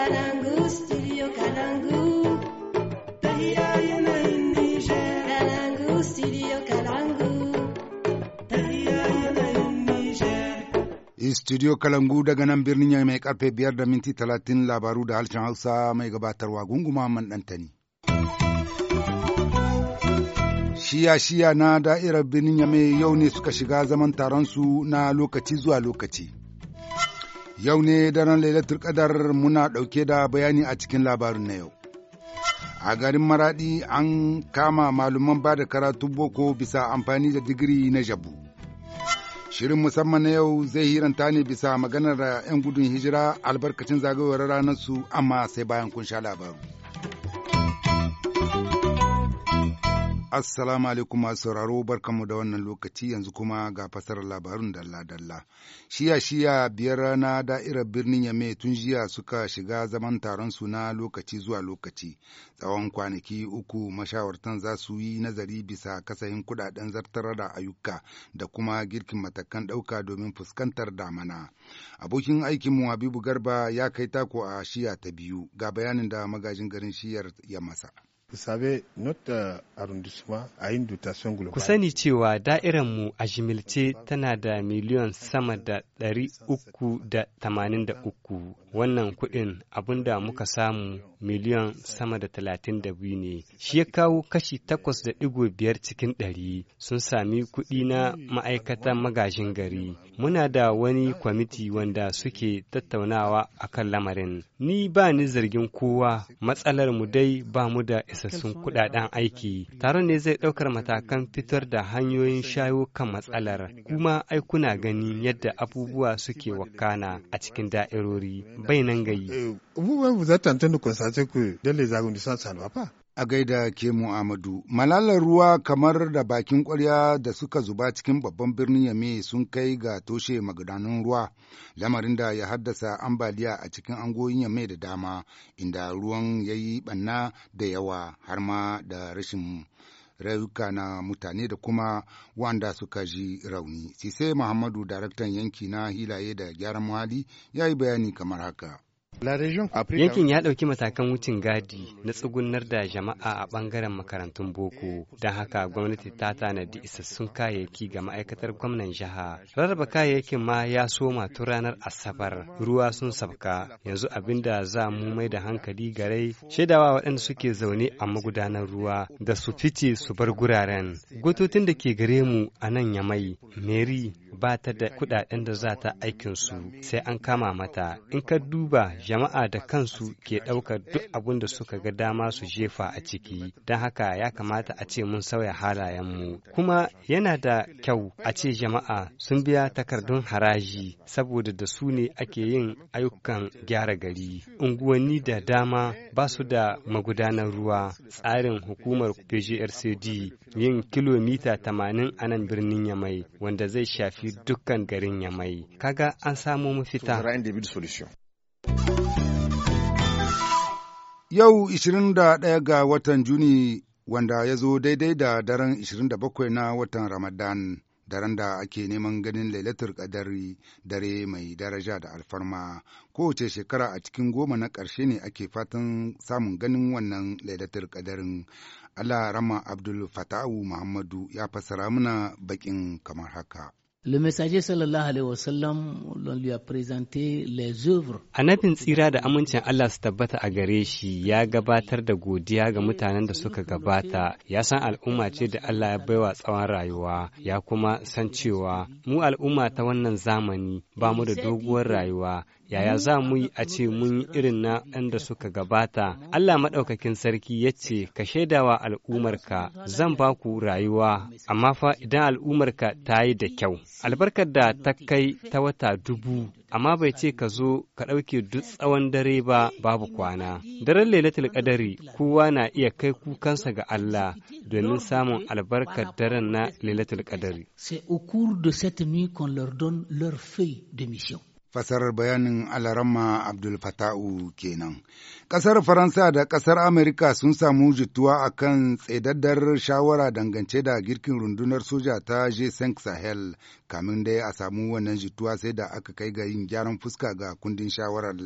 Kalangu, studio Kalangu. daga nan birnin ya mai karfe biyar da minti talatin labaru da harshen Hausa mai gabatarwa gunguma man ɗantani. Shiya-shiya na da'irar birnin yamai yau ne suka shiga zaman taron su na lokaci zuwa lokaci. Yau ne daren lailatul kadar muna ɗauke da bayani a cikin labarin na yau. A garin Maraɗi an kama malaman ba da karatu boko bisa amfani da digiri na jabu. Shirin musamman na yau zai hiranta ne bisa maganar da 'yan gudun hijira albarkacin zagayowar ranar su amma sai bayan kun sha labaru. Assalamu alaikum masu sauraro barkanmu da wannan lokaci yanzu kuma ga fasarar labarun dalla-dalla. Shiya-shiya biyar na da'irar birnin Yame tun jiya suka shiga zaman taron su na lokaci zuwa lokaci. Tsawon kwanaki uku mashawartan za su yi nazari bisa kasahin kudaden zartar da ayyuka da kuma girkin matakan ɗauka domin fuskantar damana. Abokin aikinmu Habibu Garba ya kai tako a shiya ta biyu ga bayanin da magajin garin shiyar ya masa. Euh, Ku sani cewa da'iranmu a jimilce tana da miliyon sama da ɗari uku da tamanin da uku. Wannan kuɗin abinda muka samu miliyon sama da talatin da biyu ne. Shi ya kawo kashi takwas da ɗigo biyar cikin ɗari sun sami kuɗi na ma'aikatan magajin gari. Muna da wani kwamiti wanda suke tattaunawa akan lamarin. Ni ba ni zargin kowa matsalar mu dai ba mu da isassun kudaden aiki taron ne zai ɗaukar matakan fitar da hanyoyin shayo kan matsalar kuma ai kuna ganin yadda abubuwa suke wakana a cikin da'irori bai nan gayi. a gaida ke Muhammadu. Malalar ruwa kamar da bakin kwarya da suka zuba cikin babban birnin Yame sun kai ga toshe magudanan ruwa, lamarin da ya haddasa ambaliya a cikin angoyin Yame da dama, inda ruwan ya yi ɓanna da yawa har ma da rashin rayuka na mutane da kuma wanda suka ji rauni. Sise Muhammadu, daraktan yanki na hilaye da gyaran muhalli, ya yi bayani kamar haka. Yankin ya ɗauki matakan wucin gadi na tsugunar da jama'a a ɓangaren makarantun boko, don haka gwamnati ta tanadi isassun kayayyaki ga ma'aikatar gwamnan jiha. Rarraba kayayyakin ma ya soma tun ranar Asabar, ruwa sun sabka, yanzu abin da za mu mai da hankali garai, shaidawa waɗanda suke zaune a magudanar ruwa da su fice su bar guraren. Gututun da ke gare mu a nan Yamai, Mary ba ta da kuɗaɗen da za ta aikin su, sai an kama mata. In ka duba jama'a da kansu ke ɗaukar duk abin da suka ga dama su jefa a ciki don haka ya kamata a ce mun sauya halayenmu kuma yana da kyau a ce jama'a sun biya takardun haraji saboda da su ne ake yin ayyukan gyara gari unguwanni da dama ba su da magudanar ruwa tsarin hukumar pgrcd yin kilomita tamanin a nan birnin yamai wanda zai shafi dukkan garin yamai kaga an samo mafita Yau 21 ga watan Juni wanda ya zo daidai da daren 27 na watan Ramadan, daren da ake neman ganin lailatul kadari dare mai daraja da alfarma. Kowace shekara a cikin goma na ƙarshe ne ake fatan samun ganin wannan lailatul ƙadarin, Allah Rama Abdul Fata'u Muhammadu ya fassara mana baƙin kamar haka. Le messager sallallahu alaihi wasallam l'on lui a présenté les œuvres. Annabin tsira da amincin Allah su tabbata a gare shi ya gabatar da godiya ga mutanen da suka gabata, ya san al'umma ce da Allah ya baiwa tsawon rayuwa, ya kuma san cewa mu al'umma ta wannan zamani ba mu da doguwar rayuwa, yaya za mu yi a ce mun yi irin na ɗan da suka gabata. Allah maɗaukakin sarki ya ce, Ka shaidawa al'umarka, zan ba ku rayuwa, amma fa idan al'ummarka ta yi da kyau. albarkar da ta kai ta wata dubu amma bai ce ka zo ka ɗauke duk tsawon dare ba babu kwana daren lailatul qadari kowa na iya kai kukansa ga Allah domin samun albarkar daren na lailatul qadari c'est au fasarar bayanin alarama abdul fata'u kenan ƙasar faransa da ƙasar amerika sun samu jituwa a kan tsedaddar shawara dangance da girkin rundunar soja ta g5 sahel kamin dai a samu wannan jituwa sai da aka kai ga yin gyaran fuska ga kundin shawarar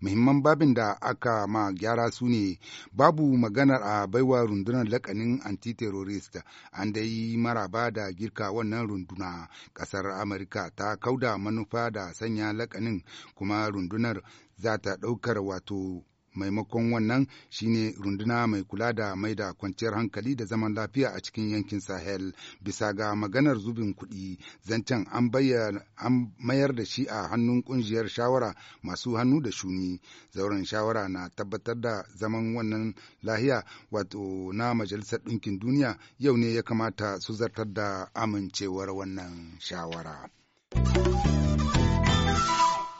muhimman babin da aka ma gyara su ne babu maganar a baiwa rundunar lakanin anti-terrorist an dai yi maraba da girka wannan runduna kasar amurka ta kauda manufa da sanya lakanin kuma rundunar za ta ɗaukar wato maimakon wannan shine runduna mai kula da mai da kwanciyar hankali da zaman lafiya a cikin yankin sahel bisa ga maganar zubin kuɗi zancen an an mayar da shi a hannun kungiyar shawara masu hannu da shuni zauren shawara na tabbatar da zaman wannan lahiya wato na majalisar ɗinkin duniya yau ne ya kamata su zartar da amincewar wannan shawara.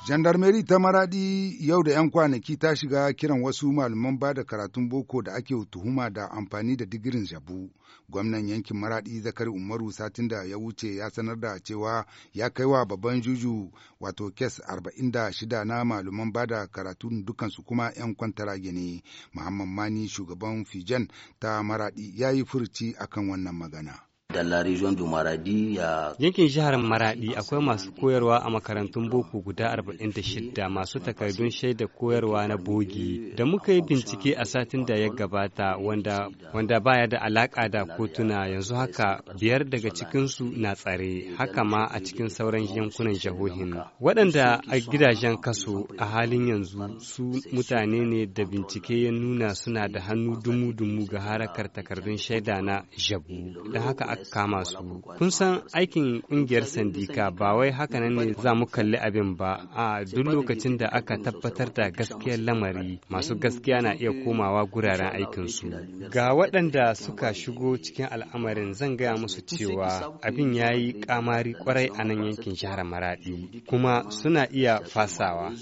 Jandarmeri ta Maradi yau da 'yan kwanaki ta shiga kiran wasu malaman ba da karatun boko da ake tuhuma da amfani da digirin jabu. Gwamnan yankin Maradi Zakari Umaru satin da ya wuce ya sanar da cewa ya kai wa babban juju wato kes 46 na malaman ba da karatun dukansu kuma 'yan kwantara gini. Muhammad Mani shugaban Fijan ta Maradi ya yi furci akan wannan magana. da la region du Maradi ya Yankin jihar Maradi akwai masu koyarwa a makarantun boko guda 46 masu takardun shaida koyarwa na bogi da muka yi bincike a satin da ya gabata wanda wanda baya da alaka da kotuna yanzu haka biyar daga cikinsu na tsare haka ma a cikin sauran yankunan jihohin waɗanda a gidajen kaso a halin yanzu su mutane ne da bincike ya nuna suna da hannu dumu-dumu ga harakar takardun shaida na jabu da haka kama su. Kun san aikin ƙungiyar sandika ba wai hakanan ne za mu kalli abin ba a duk lokacin da aka tabbatar da gaskiyar lamari masu gaskiya na iya komawa guraren aikinsu. Ga waɗanda suka shigo cikin al'amarin zan gaya musu cewa abin ya yi ƙamari kwarai a nan yankin shahar Maraɗi kuma suna iya fasawa.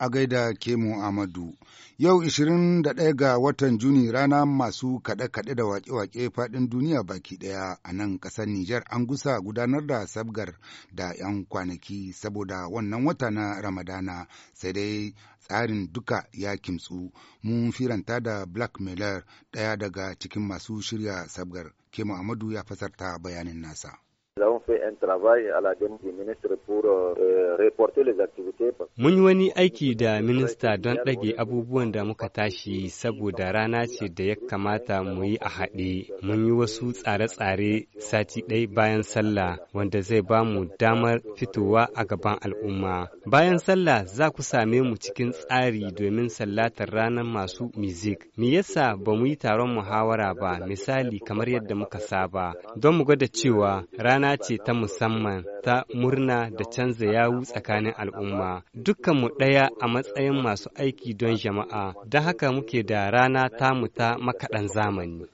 a gaida ke Amadu. Yau 21 ga watan Juni rana masu kaɗe-kaɗe da waƙe-waƙe faɗin duniya baki ɗaya a nan ƙasar Nijar an gusa gudanar da sabgar da 'yan kwanaki saboda wannan wata na Ramadana sai dai tsarin duka ya kimtsu mun firanta da Black Miller ɗaya daga cikin masu shirya sabgar. Ke Amadu ya fasarta bayanin nasa. Mun yi wani aiki da minista don ɗage abubuwan da muka tashi saboda rana ce da ya kamata mu yi a haɗe. Mun yi wasu tsare-tsare sati ɗaya bayan sallah wanda zai ba mu damar fitowa a gaban al'umma. Bayan sallah za ku same mu cikin tsari domin sallatar ranar masu mizik. Me yasa ba mu yi taron muhawara ba misali kamar yadda muka saba don mu gwada cewa rana rana ce ta musamman ta murna da canza yawu tsakanin al'umma. mu ɗaya a matsayin masu aiki don jama'a, don haka muke da rana tamu ta makaɗan zamani.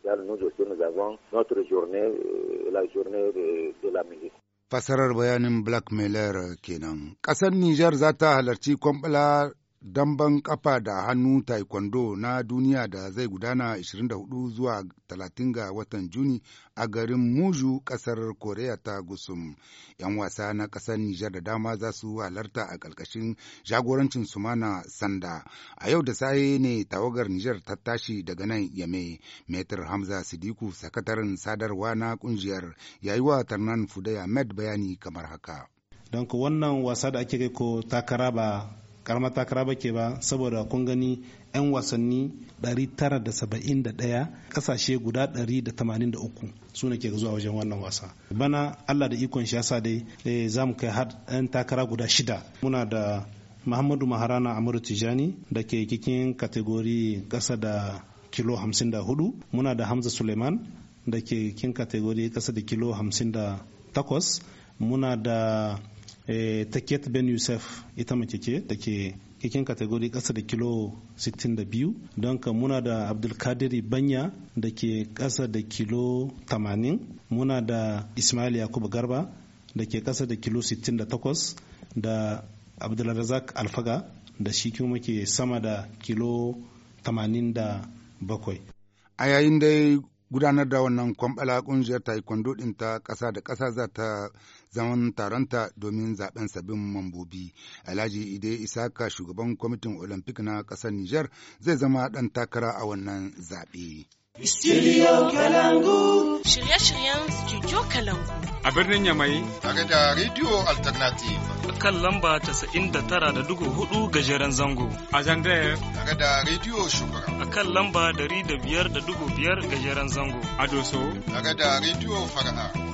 Fasarar bayanin blackmailer kenan. Ƙasar Nijar za ta halarci kwamɓala damben kafa da hannu taekwondo na duniya da zai gudana 24 zuwa 30 ga watan juni a garin muju kasar korea ta gusum yan wasa na kasar nijar da dama za su halarta a ƙarƙashin jagorancin sumana sanda a yau da saye ne tawagar nijar ta tashi daga nan yame metar hamza sidiku sakataren sadarwa na kungiyar yayi tarnan fudaya med bayani kamar haka don wannan wasa da ake ko takara ba Karama takara ba ke ba saboda kun gani 'yan wasanni 971 kasashe guda 183 su ne ke zuwa wajen wannan wasa bana allah da ikon shi yasa dai eh, za mu kai har 'yan takara guda shida muna da muhammadu maharana amuru tijani da ke kikin kategori kasa da kilo 54 muna da hamza suleiman da ke kin kategori kasa da kilo 58 muna da Eh, taket ben yusuf ita mace ce da ke cikin kategori kasa da kilo 62 don ka muna da abdulkadiri banya da ke kasa da kilo 80 muna da ismail yakubu garba da ke kasa da kilo 68 da abdulrazak alfaga da shi kuma ke sama da kilo 87 a yayin dai gudanar da wannan kwambala kungiyar taekwondo ɗin ta kasa da kasa za ta zaman taronta domin zaben sabbin mambobi. Alhaji Ide Isaka shugaban kwamitin Olympic na ƙasar Nijar zai zama ɗan takara a wannan zaɓe. Studio Kalangu. Shirye-shiryen Studio Kalangu. A birnin Yamai. Tare da Radio Alternative. A kan lamba 99.4 da tara da hudu gajeren zango. A Zandaya. Tare da Radio shugaban. A kan lamba dari da biyar da biyar gajeren zango. A Doso. Tare da Radio Fara'a.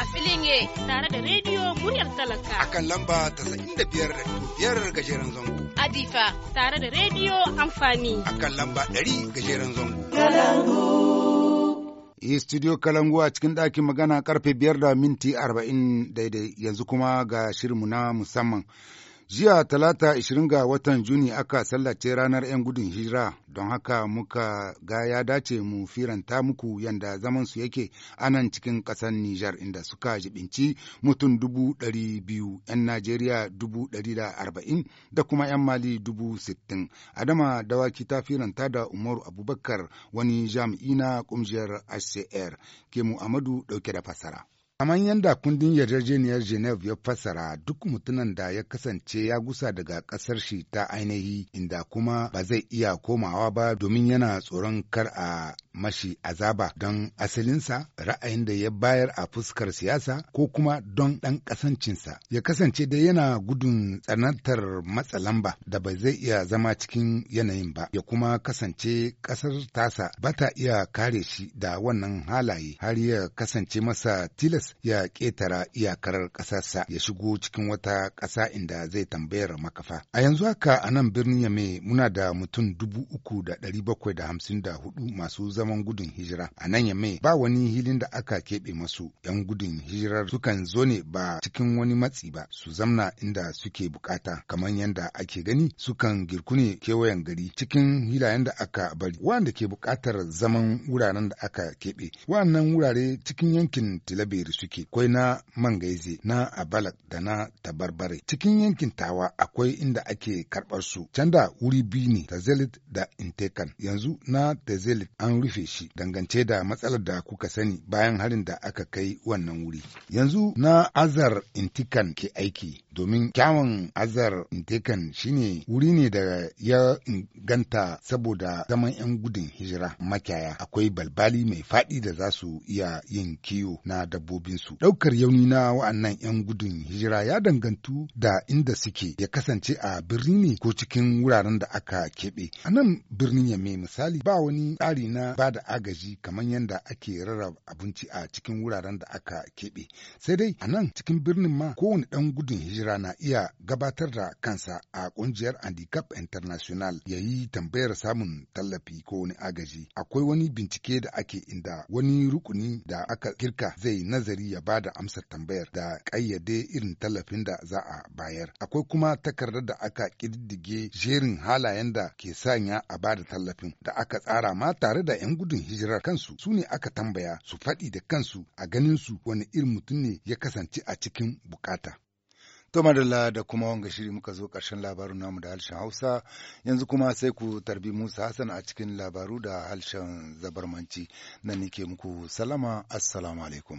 a filin ye tare da rediyo muryar talaka a kan lamba da biyar gajeren zango adifa tare da rediyo amfani a kan lamba ɗari gajeren zango kalangu eh, studio kalangu a cikin ɗakin magana karfe biyar da minti arba'in daidai yanzu kuma ga shirinmu na musamman Jiya talata 20 ga watan Juni aka sallace ranar 'yan gudun hijira don haka muka ga ya dace mu firanta muku yanda zaman su yake anan cikin ƙasar Nijar inda suka jibinci mutum dubu ɗari biyu, 'yan Najeriya dubu ɗari da arba'in da kuma 'yan Mali dubu sittin. Adama Dawaki ta firanta da Umaru Abubakar wani jami'i na ƙungiyar HCR, mu Amadu ɗauke da fasara. Kamar yadda kundin yarjejeniyar Geneva ya fassara duk mutumin da ya kasance ya gusa daga ƙasar shi ta ainihi inda kuma ba zai iya komawa ba domin yana tsoron kar a mashi azaba don asalinsa ra'ayin da ya bayar a fuskar siyasa ko kuma don ɗan ƙasancinsa ya kasance dai yana gudun tsanantar matsa lamba da ba zai iya zama cikin yanayin ba ya kuma kasance ƙasar tasa ba ta iya kare shi da wannan halaye har ya kasance masa tilas ya ƙetara iyakar ƙasarsa ya shigo cikin wata ƙasa inda zai tambayar makafa a yanzu haka a nan birnin yame muna da mutum dubu uku da ɗari bakwai da hamsin da hudu masu zaman gudun hijira. A nan Yamme ba wani hilin da aka keɓe masu 'yan gudun hijirar sukan zo ne ba cikin wani matsi ba su zamna inda suke bukata kamar yadda ake gani sukan girku ne kewayen gari cikin hilayen da aka bari wanda ke bukatar zaman wuraren da aka keɓe. Wannan wurare cikin yankin tilabiri suke akwai na Mangaize na Abalak da na Tabarbare. Cikin yankin Tawa akwai inda ake karɓar su. Can da wuri biyu ne Tazelit da Intekan. Yanzu na Tazelit an rufe rufe shi dangance da matsalar da kuka sani bayan harin da aka kai wannan wuri. Yanzu na Azar Intikan ke aiki domin kyawun Azar Intikan shine wuri ne da ya ganta saboda zaman 'yan gudun hijira makyaya akwai balbali mai faɗi da za su iya yin kiwo na dabbobinsu. Ɗaukar yauni na wa'annan 'yan gudun hijira ya dangantu da inda suke ya kasance a birni ne ko cikin wuraren da aka keɓe. A nan birnin mai misali ba wani tsari na ba da agaji kamar yadda ake rarraba abinci a cikin wuraren da aka keɓe. Sai dai a nan cikin birnin ma kowane ɗan gudun hijira na iya gabatar da kansa a ƙungiyar Handicap International ya yi tambayar samun tallafi ko wani agaji. Akwai wani bincike da ake inda wani rukuni da aka kirka zai nazari ya ba da amsar tambayar da ƙayyade irin tallafin da za a bayar. Akwai kuma takardar da aka ƙididdige jerin halayen da ke sanya a ba da tallafin da aka tsara ma tare da 'yan 'yan gudun hijirar kansu su ne aka tambaya su faɗi da kansu a ganin su wani irin mutum ne ya kasance a cikin bukata. To madalla da kuma wanga shiri muka zo ƙarshen labarun namu da harshen Hausa yanzu kuma sai ku tarbi Musa Hassan a cikin labaru da harshen zabarmanci na nike muku salama assalamu alaikum.